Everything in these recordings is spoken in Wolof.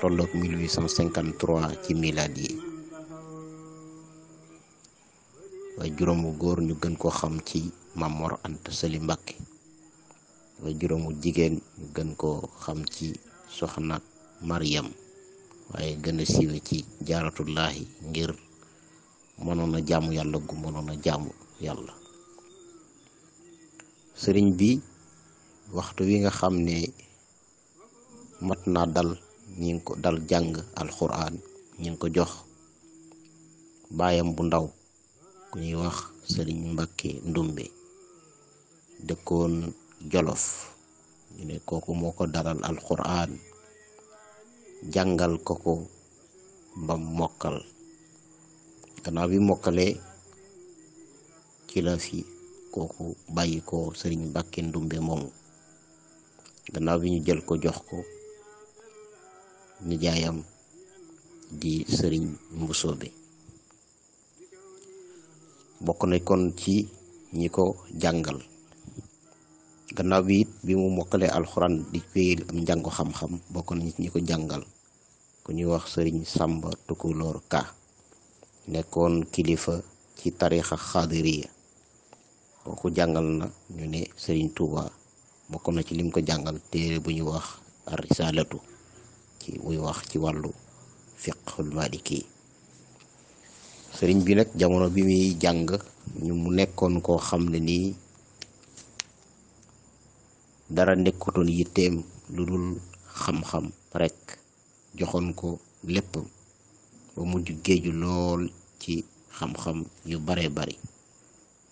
tollook 1853 ci miladi yi waaye juróomu góor ñu gën ko xam ci Mamor ant Sali mbacke waaye juróomu jigéen ñu gën ko xam ci soxna Maryam waaye gën a ci jaaratullaahi ngir mënoon a jaamu yàlla gu mënoon a jaamu yàlla sëriñ bi waxtu wi nga xam ne mat naa dal ñi ko dal jàng alxuraan ñi ngi ko jox baayam bu ndaw ku ñuy wax sëriñ Mbàkke Ndumbe dëkkoon Jolof ñu ne kooku moo ko daral alxuraan jàngal ko ko mbam mokkal gannaaw bi mokkalee ci la fi kooku bàyyi ko sëriñ Mbàkke Ndumbe moomu gannaaw bi ñu jël ko jox ko nijaayam di sëriñ mbusoobe bokk na kon ci ñi ko jàngal gannaaw bi it bi mu mokkale alxuraan di wéyal am njàngu xam-xam bokk na ñi ko jàngal ku ñuy wax sëriñ sàmba tukulóor ka nekkoon kilifa ci tariixa xaadiriya kooku jàngal na ñu ne sëriñ touba bokk na ci lim ko jàngal téere bu ñu wax ar ci wuy wax ci wàllu fiqhul maliki sëriñ bi nag jamono bi muy jàng ñu mu nekkoon koo xam ne nii dara nekkutoon yitteem lu dul xam-xam rekk joxoon ko lépp ba mujj géeju lool ci xam-xam yu bare bari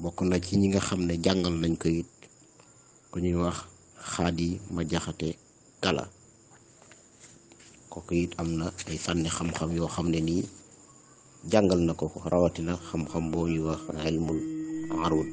bokk na ci ñi nga xam ne jàngal nañ ko it ku ñuy wax xaadi ma jaxate kala kooku it am na ay fànni xam-xam yoo xam ne nii jàngal na ko rawatina xam-xam boo ñuy wax ilmul arud